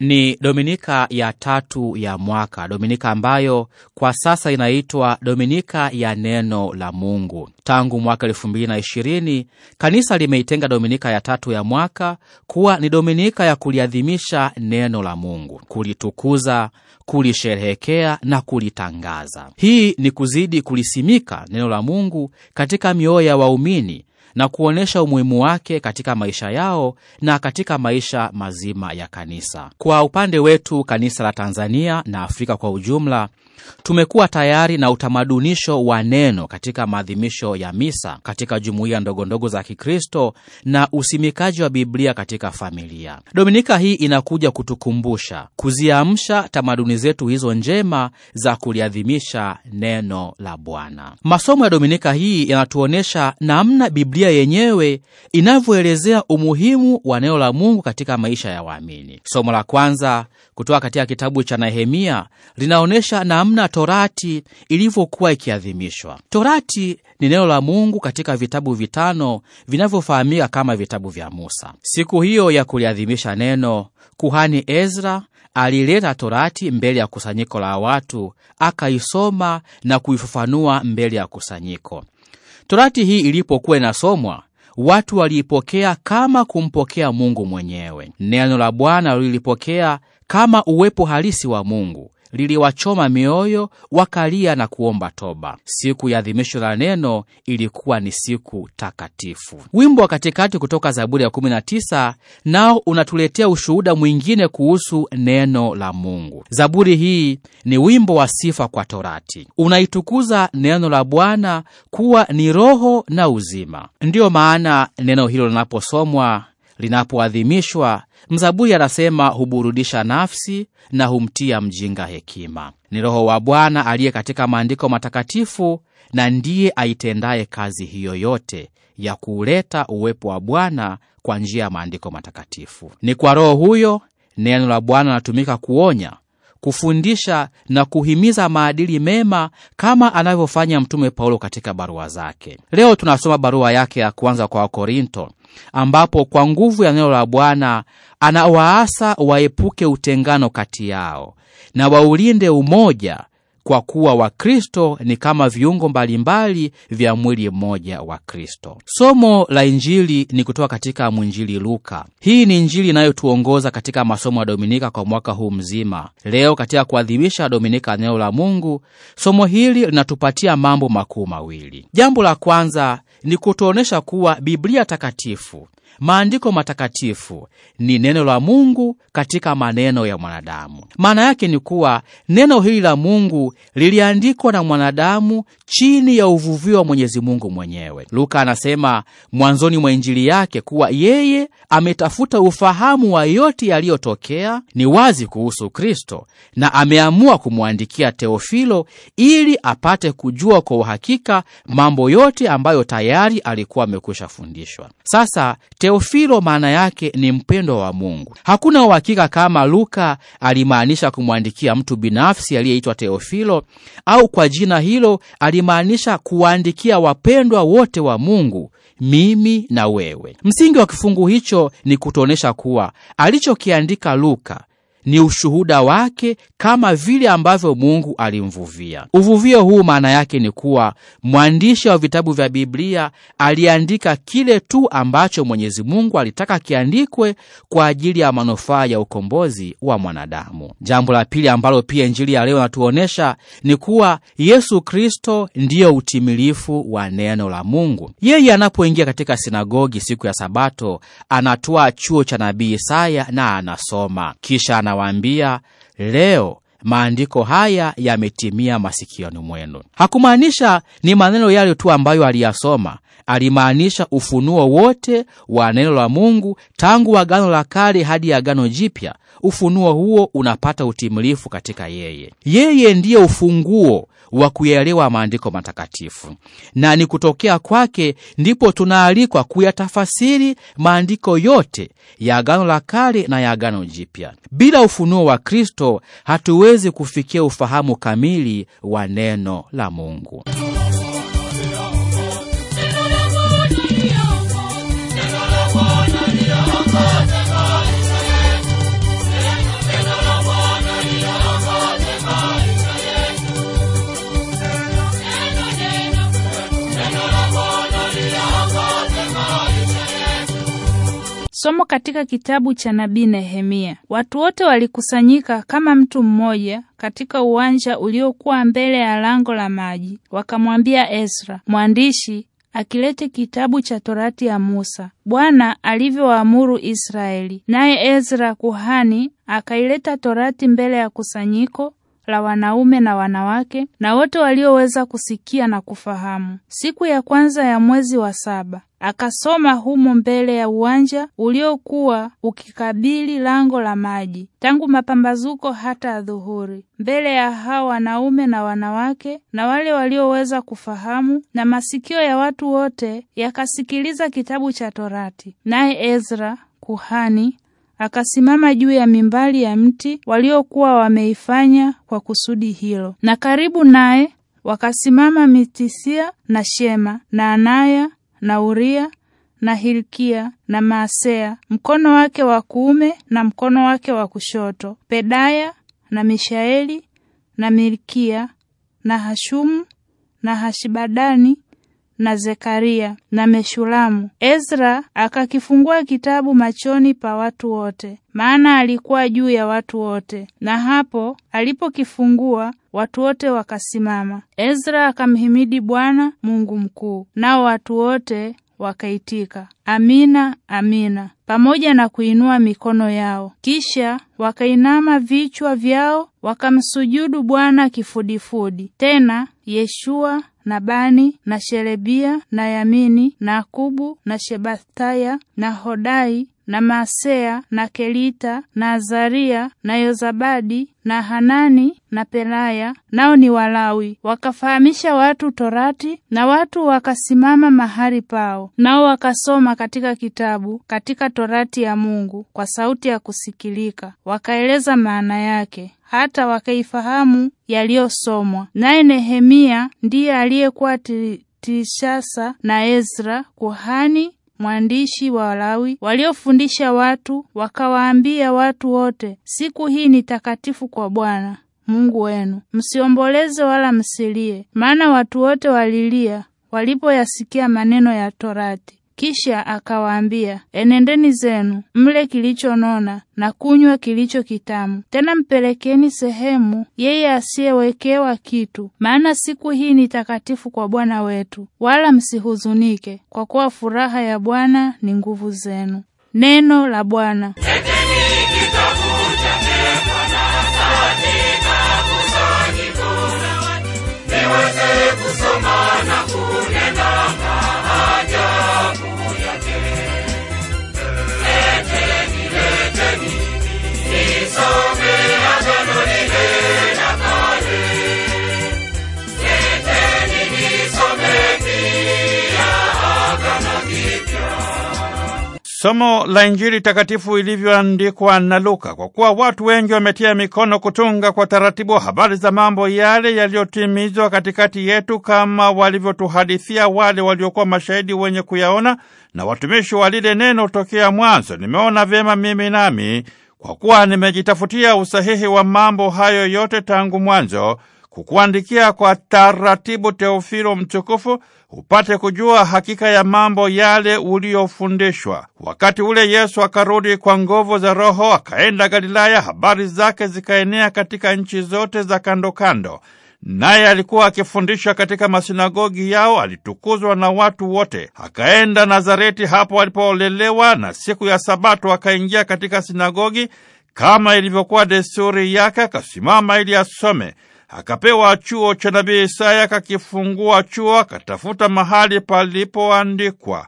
Ni dominika ya tatu ya mwaka, dominika ambayo kwa sasa inaitwa dominika ya neno la Mungu. Tangu mwaka elfu mbili na ishirini kanisa limeitenga dominika ya tatu ya mwaka kuwa ni dominika ya kuliadhimisha neno la Mungu, kulitukuza, kulisherehekea na kulitangaza. Hii ni kuzidi kulisimika neno la Mungu katika mioyo ya waumini na kuonyesha umuhimu wake katika maisha yao na katika maisha mazima ya kanisa. Kwa upande wetu, kanisa la Tanzania na Afrika kwa ujumla Tumekuwa tayari na utamadunisho wa neno katika maadhimisho ya misa katika jumuiya ndogondogo za Kikristo na usimikaji wa Biblia katika familia. Dominika hii inakuja kutukumbusha kuziamsha tamaduni zetu hizo njema za kuliadhimisha neno la Bwana. Masomo ya Dominika hii yanatuonyesha namna Biblia yenyewe inavyoelezea umuhimu wa neno la Mungu katika maisha ya waamini. Somo la kwanza kutoka katika kitabu cha Nehemia linaonyesha namna namna torati ilivyokuwa ikiadhimishwa. Torati ni neno la Mungu katika vitabu vitano vinavyofahamika kama vitabu vya Musa. Siku hiyo ya kuliadhimisha neno, kuhani Ezra alileta torati mbele ya kusanyiko la watu, akaisoma na kuifafanua mbele ya kusanyiko. Torati hii ilipokuwa inasomwa watu waliipokea kama kumpokea Mungu mwenyewe. Neno la Bwana lilipokea kama uwepo halisi wa Mungu, liliwachoma mioyo, wakalia na kuomba toba. Siku ya adhimisho la neno ilikuwa ni siku takatifu. Wimbo wa katikati kutoka Zaburi ya 19 nao unatuletea ushuhuda mwingine kuhusu neno la Mungu. Zaburi hii ni wimbo wa sifa kwa Torati, unaitukuza neno la Bwana kuwa ni roho na uzima. Ndiyo maana neno hilo linaposomwa linapoadhimishwa, mzaburi anasema huburudisha nafsi na humtia mjinga hekima. Ni Roho wa Bwana aliye katika maandiko matakatifu, na ndiye aitendaye kazi hiyo yote ya kuuleta uwepo wa Bwana kwa njia ya maandiko matakatifu. Ni kwa Roho huyo neno la Bwana linatumika kuonya, kufundisha na kuhimiza maadili mema kama anavyofanya Mtume Paulo katika barua zake. Leo tunasoma barua yake ya kwanza kwa Wakorinto, ambapo kwa nguvu ya neno la Bwana anawaasa waepuke utengano kati yao na waulinde umoja kwa kuwa Wakristo ni kama viungo mbalimbali vya mwili mmoja wa Kristo. Somo la Injili ni kutoka katika mwinjili Luka. Hii ni Injili inayotuongoza katika masomo ya Dominika kwa mwaka huu mzima. Leo katika kuadhimisha Dominika neno la Mungu, somo hili linatupatia mambo makuu mawili. Jambo la kwanza ni kutuonesha kuwa Biblia Takatifu Maandiko matakatifu ni neno la Mungu katika maneno ya mwanadamu. Maana yake ni kuwa neno hili la Mungu liliandikwa na mwanadamu chini ya uvuvio wa Mwenyezi Mungu mwenyewe. Luka anasema mwanzoni mwa Injili yake kuwa yeye ametafuta ufahamu wa yote yaliyotokea ni wazi kuhusu Kristo, na ameamua kumwandikia Teofilo ili apate kujua kwa uhakika mambo yote ambayo tayari alikuwa amekwisha fundishwa. Sasa Teofilo maana yake ni mpendwa wa Mungu. Hakuna uhakika kama Luka alimaanisha kumwandikia mtu binafsi aliyeitwa Teofilo au kwa jina hilo alimaanisha kuwaandikia wapendwa wote wa Mungu, mimi na wewe. Msingi wa kifungu hicho ni kutuonesha kuwa alichokiandika Luka ni ushuhuda wake kama vile ambavyo Mungu alimvuvia. Uvuvio huu maana yake ni kuwa mwandishi wa vitabu vya Biblia aliandika kile tu ambacho Mwenyezi Mungu alitaka kiandikwe kwa ajili ya manufaa ya ukombozi wa mwanadamu. Jambo la pili ambalo pia Injili ya leo inatuonyesha ni kuwa Yesu Kristo ndiyo utimilifu wa neno la Mungu. Yeye anapoingia katika sinagogi siku ya Sabato, anatoa chuo cha nabii Isaya na anasoma kisha anawaambia leo maandiko haya yametimia masikioni mwenu. Hakumaanisha ni maneno yale tu ambayo aliyasoma, alimaanisha ufunuo wote wa neno la Mungu tangu Agano la Kale hadi Agano Jipya. Ufunuo huo unapata utimilifu katika yeye. Yeye ndiye ufunguo wa kuyaelewa maandiko matakatifu, na ni kutokea kwake ndipo tunaalikwa kuyatafasiri maandiko yote ya Agano la Kale na ya Agano Jipya. Bila ufunuo wa Kristo hatuwe tuweze kufikia ufahamu kamili wa neno la Mungu. Somo katika kitabu cha nabii Nehemia. Watu wote walikusanyika kama mtu mmoja katika uwanja uliokuwa mbele ya lango la maji, wakamwambia Ezra mwandishi akilete kitabu cha Torati ya Musa, Bwana alivyowaamuru Israeli. Naye Ezra kuhani akaileta Torati mbele ya kusanyiko, la wanaume na wanawake na wote walioweza kusikia na kufahamu. Siku ya kwanza ya mwezi wa saba akasoma humo mbele ya uwanja uliokuwa ukikabili lango la maji, tangu mapambazuko hata adhuhuri, mbele ya hao wanaume na wanawake na wale walioweza kufahamu, na masikio ya watu wote yakasikiliza kitabu cha Torati. Naye Ezra kuhani akasimama juu ya mimbali ya mti waliokuwa wameifanya kwa kusudi hilo, na karibu naye wakasimama Mitisia na Shema na Anaya na Uria na Hilkia na Maasea, mkono wake wa kuume na mkono wake wa kushoto, Pedaya na Mishaeli na Milkia na Hashumu na Hashibadani na Zekaria na Meshulamu. Ezra akakifungua kitabu machoni pa watu wote, maana alikuwa juu ya watu wote. Na hapo alipokifungua watu wote wakasimama. Ezra akamhimidi Bwana Mungu mkuu, nao watu wote wakaitika amina, amina, pamoja na kuinua mikono yao. Kisha wakainama vichwa vyao wakamsujudu Bwana kifudifudi. Tena Yeshua na bani na Sherebia na Yamini na Akubu na Shebathaya na Hodai na Maasea na Kelita na Azaria na Yozabadi na Hanani na Pelaya, nao ni Walawi, wakafahamisha watu Torati, na watu wakasimama mahali pao, nao wakasoma katika kitabu, katika Torati ya Mungu kwa sauti ya kusikilika, wakaeleza maana yake hata wakaifahamu yaliyosomwa. Naye Nehemia ndiye aliyekuwa Tishasa na Ezra kuhani mwandishi wa Walawi waliofundisha watu, wakawaambia watu wote, siku hii ni takatifu kwa Bwana Mungu wenu, msiomboleze wala msilie, maana watu wote walilia walipoyasikia maneno ya Torati. Kisha akawaambia, enendeni zenu mle kilichonona na kunywa kilicho kitamu, tena mpelekeni sehemu yeye asiyewekewa kitu, maana siku hii ni takatifu kwa Bwana wetu. Wala msihuzunike, kwa kuwa furaha ya Bwana ni nguvu zenu. Neno la Bwana. Somo la Injili takatifu ilivyoandikwa na Luka. Kwa kuwa watu wengi wametia mikono kutunga kwa taratibu habari za mambo yale yaliyotimizwa katikati yetu, kama walivyotuhadithia wale waliokuwa mashahidi wenye kuyaona na watumishi wa lile neno tokea mwanzo, nimeona vyema mimi nami, kwa kuwa nimejitafutia usahihi wa mambo hayo yote tangu mwanzo, kukuandikia kwa taratibu, Teofilo mtukufu upate kujua hakika ya mambo yale uliyofundishwa. Wakati ule Yesu akarudi kwa nguvu za Roho, akaenda Galilaya, habari zake zikaenea katika nchi zote za kando kando. Naye alikuwa akifundisha katika masinagogi yao, alitukuzwa na watu wote. Akaenda Nazareti, hapo alipoolelewa na siku ya Sabato akaingia katika sinagogi, kama ilivyokuwa desturi yake, akasimama ili asome akapewa chuo cha nabii Isaya, kakifungua chuo, akatafuta mahali palipoandikwa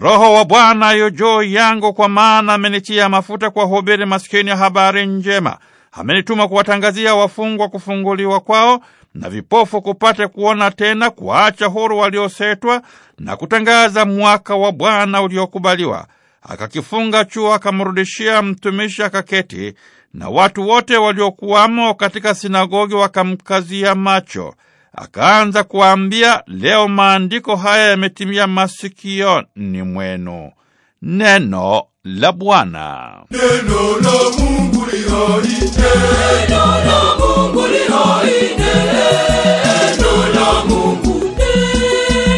Roho wa Bwana yu juu yangu, kwa maana amenitia mafuta kuwahubiri masikini ya habari njema, amenituma kuwatangazia wafungwa kufunguliwa kwao na vipofu kupate kuona tena, kuwaacha huru waliosetwa, na kutangaza mwaka wa Bwana uliokubaliwa. Akakifunga chuo, akamrudishia mtumishi, akaketi na watu wote waliokuwamo katika sinagogi wakamkazia macho. Akaanza kuwaambia, leo maandiko haya yametimia masikioni mwenu. Neno la Bwana. Neno la Mungu li hai. Neno la Mungu li hai. Neno la Mungu.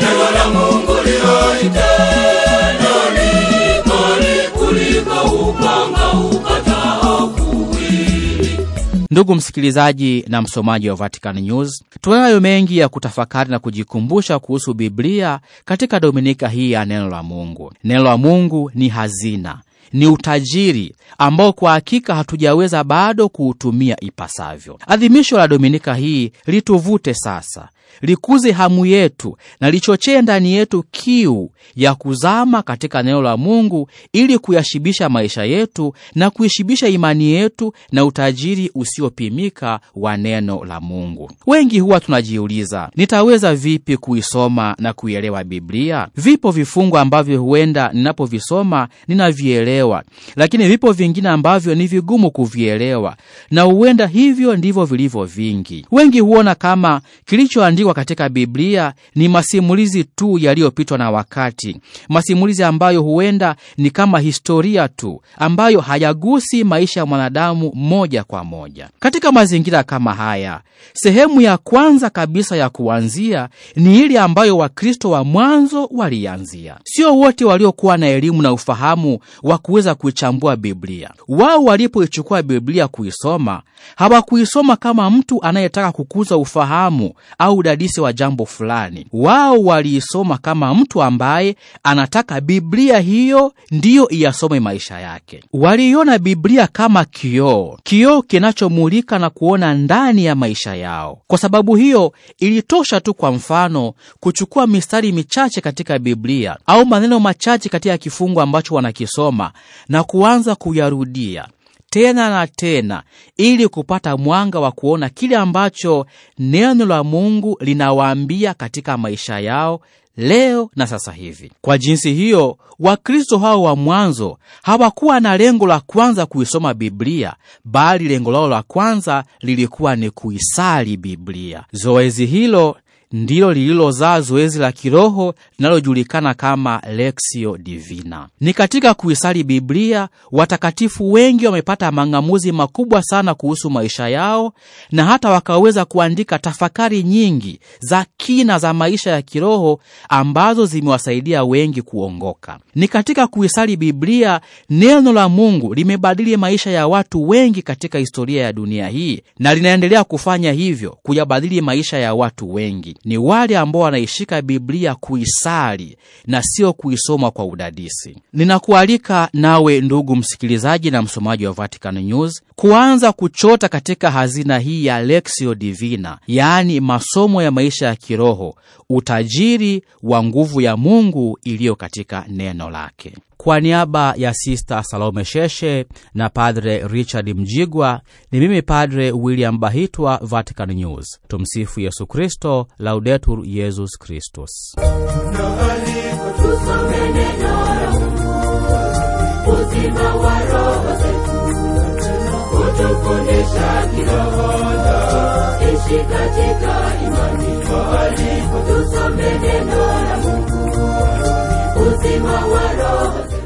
Neno la Mungu li hai. Neno ni kuliko upanga ukata Ndugu msikilizaji na msomaji wa Vatican News, tunayo mengi ya kutafakari na kujikumbusha kuhusu Biblia katika dominika hii ya neno la Mungu. Neno la Mungu ni hazina ni utajiri ambao kwa hakika hatujaweza bado kuutumia ipasavyo. Adhimisho la dominika hii lituvute sasa likuze hamu yetu na lichochee ndani yetu kiu ya kuzama katika neno la Mungu ili kuyashibisha maisha yetu na kuishibisha imani yetu na utajiri usiopimika wa neno la Mungu. Wengi huwa tunajiuliza, nitaweza vipi kuisoma na kuielewa Biblia? Vipo vifungu ambavyo huenda ninapovisoma ninavielewa, lakini vipo vingine ambavyo ni vigumu kuvielewa, na huenda hivyo ndivyo vilivyo vingi. Wengi huona kama kilicho yaliyoandikwa katika Biblia ni masimulizi tu yaliyopitwa na wakati, masimulizi ambayo huenda ni kama historia tu ambayo hayagusi maisha ya mwanadamu moja kwa moja. Katika mazingira kama haya, sehemu ya kwanza kabisa ya kuanzia ni ile ambayo Wakristo wa mwanzo walianzia. Sio wote waliokuwa na elimu na ufahamu wa kuweza kuichambua Biblia. Wao walipoichukua Biblia kuisoma, hawakuisoma kama mtu anayetaka kukuza ufahamu au udadisi wa jambo fulani. Wao waliisoma kama mtu ambaye anataka Biblia hiyo ndiyo iyasome maisha yake. Waliiona Biblia kama kioo, kioo kinachomulika na kuona ndani ya maisha yao. Kwa sababu hiyo, ilitosha tu, kwa mfano, kuchukua mistari michache katika Biblia au maneno machache katika kifungu ambacho wanakisoma na kuanza kuyarudia tena na tena ili kupata mwanga wa kuona kile ambacho neno la Mungu linawaambia katika maisha yao leo na sasa hivi. Kwa jinsi hiyo, Wakristo hao wa mwanzo hawakuwa na lengo la kwanza kuisoma Biblia, bali lengo lao la kwanza lilikuwa ni kuisali Biblia. Zoezi hilo ndilo lililozaa zoezi la kiroho linalojulikana kama Lexio Divina. Ni katika kuisali Biblia watakatifu wengi wamepata mang'amuzi makubwa sana kuhusu maisha yao na hata wakaweza kuandika tafakari nyingi za kina za maisha ya kiroho ambazo zimewasaidia wengi kuongoka. Ni katika kuisali Biblia neno la Mungu limebadili maisha ya watu wengi katika historia ya dunia hii na linaendelea kufanya hivyo kuyabadili maisha ya watu wengi ni wale ambao wanaishika Biblia kuisali na sio kuisoma kwa udadisi. Ninakualika nawe ndugu msikilizaji na msomaji wa Vatican News kuanza kuchota katika hazina hii ya Lexio Divina, yaani masomo ya maisha ya kiroho, utajiri wa nguvu ya Mungu iliyo katika neno lake. Kwa niaba ya Sista Salome Sheshe na Padre Richard Mjigwa, ni mimi Padre William Bahitwa, Vatican News. Tumsifu Yesu Kristo, Laudetur Yesus Kristus. Kutufundisha kiroho katika imani, la Mungu uzima wa roho